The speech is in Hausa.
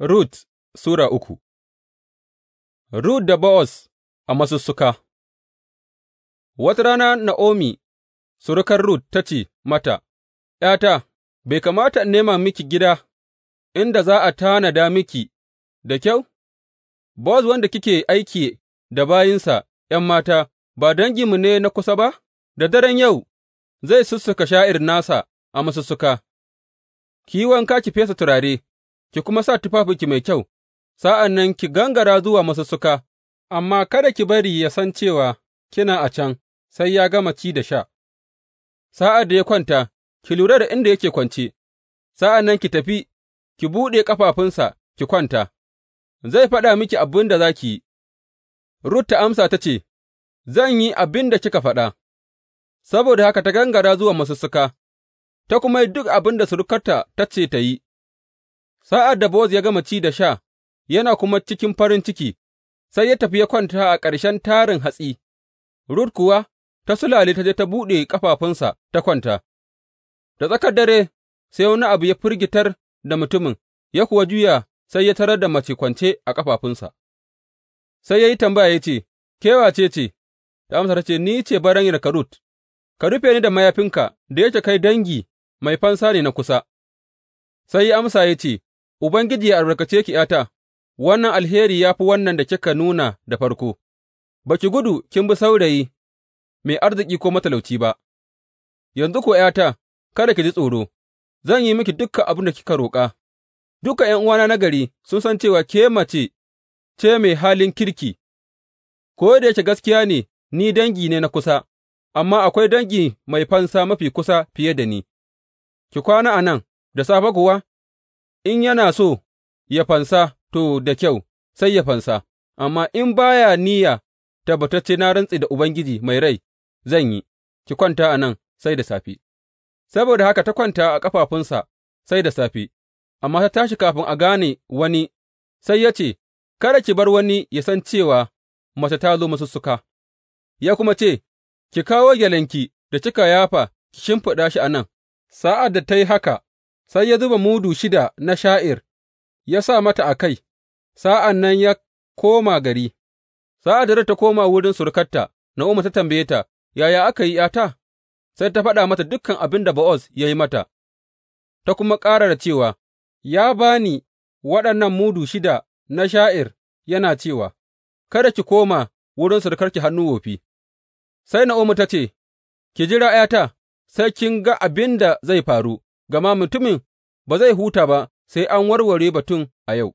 Rut Sura uku Rut da Bowaz a masussuka Wata rana Na'omi, surukar Rut ta ce mata, ’Yata, bai kamata in nema miki gida inda za a tanada miki da kyau? Bowaz wanda kike aiki da bayinsa ’yan mata, ba dangi mu ne na kusa ba, da daren yau zai sussuka sha'ir nasa a masussuka, ki yi wanka ki fesa turare. ki kuma sa tufafinki mai kyau, sa'an nan ki gangara zuwa masussuka, amma kada ki bari ya san cewa kina a can sai ya gama ci da sha. Sa'ad da ya kwanta, ki lura da inda yake kwance, sa'an nan ki tafi, ki buɗe ƙafafunsa ki kwanta, zai faɗa miki abin da za ki yi. Rut ta amsa ta ce, Zan yi abin da kika faɗa, saboda haka ta gangara zuwa masussuka, ta kuma yi duk abin da surukarta ta ce ta yi. Sa'ad da Bowaz ya gama ci da sha, yana kuma cikin farin ciki, sai ya tafi ya kwanta a ƙarshen tarin hatsi, Rut kuwa ta sulale ta je ta buɗe ƙafafunsa ta kwanta. Da tsakar dare, sai wani abu ya firgitar da mutumin, ya kuwa juya sai ya tarar da mace kwance a ƙafafunsa. Sai ya yi tambaya ya ce, Ke wace ce? Ta amsa ta ce, Ni ce baranyarka Rut, ka rufe ni da mayafinka, da yake kai dangi mai fansa ne na kusa. Sai ya amsa ya ce, Ubangiji ya albarkace ki ’yata, wannan alheri ya fi wannan da kika nuna da farko, ba ki gudu kin bi saurayi mai arziki ko matalauci ba, yanzu ko ’yata, kada ki ji tsoro, zan yi miki dukan abin da kika roƙa, duka ’yan'uwana na gari sun san cewa ke mace ce mai halin kirki, ko da yake gaskiya ne ni dangi ne na kusa, amma akwai dangi mai fansa mafi kusa fiye da ni, ki kwana a nan, da safe kuwa in yana so ya fansa, to, da kyau, sai ya fansa, amma in ba ya niyya, tabbatacce na rantse da Ubangiji mai rai, zan yi, ki kwanta a nan sai da safe. Saboda haka ta kwanta a ƙafafunsa sai da safe, amma ta tashi kafin a gane wani, sai ya ce, Kada ki bar wani ya san cewa mace ta zo masussuka, ya kuma ce, Ki kawo gyalenki da kika yafa ki shimfiɗa shi a nan, sa'ad da ta yi haka, sai ya zuba mudu shida na sha'ir ya sa mata a kai, sa'an nan ya koma gari. Sa'ad da ta koma wurin surukarta, Na'omi ta tambaye ta, Yaya aka yi ’yata? Sai ta faɗa mata dukkan abin da Ba'oz ya yi mata, ta kuma ƙara da cewa, Ya ba ni waɗannan mudu shida na sha'ir yana cewa, Kada ki koma wurin surukarki hannu wofi. Sai Na'omi ta ce, Ki jira ’yata, sai kin ga abin da zai faru. Gama mutumin ba zai huta ba sai an warware batun a yau.